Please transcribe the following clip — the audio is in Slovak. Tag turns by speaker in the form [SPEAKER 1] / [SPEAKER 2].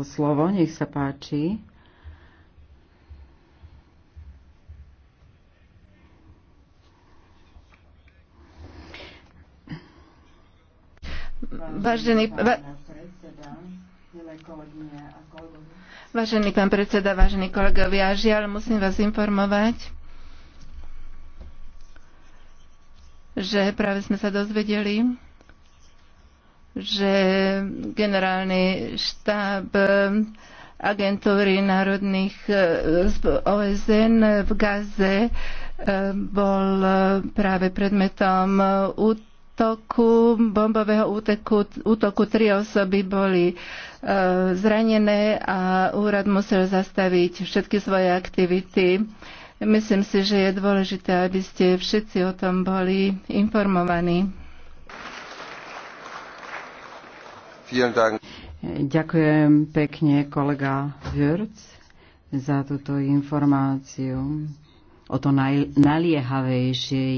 [SPEAKER 1] o slovo. Nech sa páči.
[SPEAKER 2] Vážený, va... vážený pán predseda, vážení kolegovia, žiaľ, musím vás informovať, že práve sme sa dozvedeli, že generálny štáb eh, agentúry národných eh, OSN v Gaze eh, bol práve predmetom útoku, bombového úteku, útoku tri osoby boli zranené a úrad musel zastaviť všetky svoje aktivity. Myslím si, že je dôležité, aby ste všetci o tom boli informovaní.
[SPEAKER 1] Ďakujem pekne kolega Würc za túto informáciu. O to naj, naliehavejšie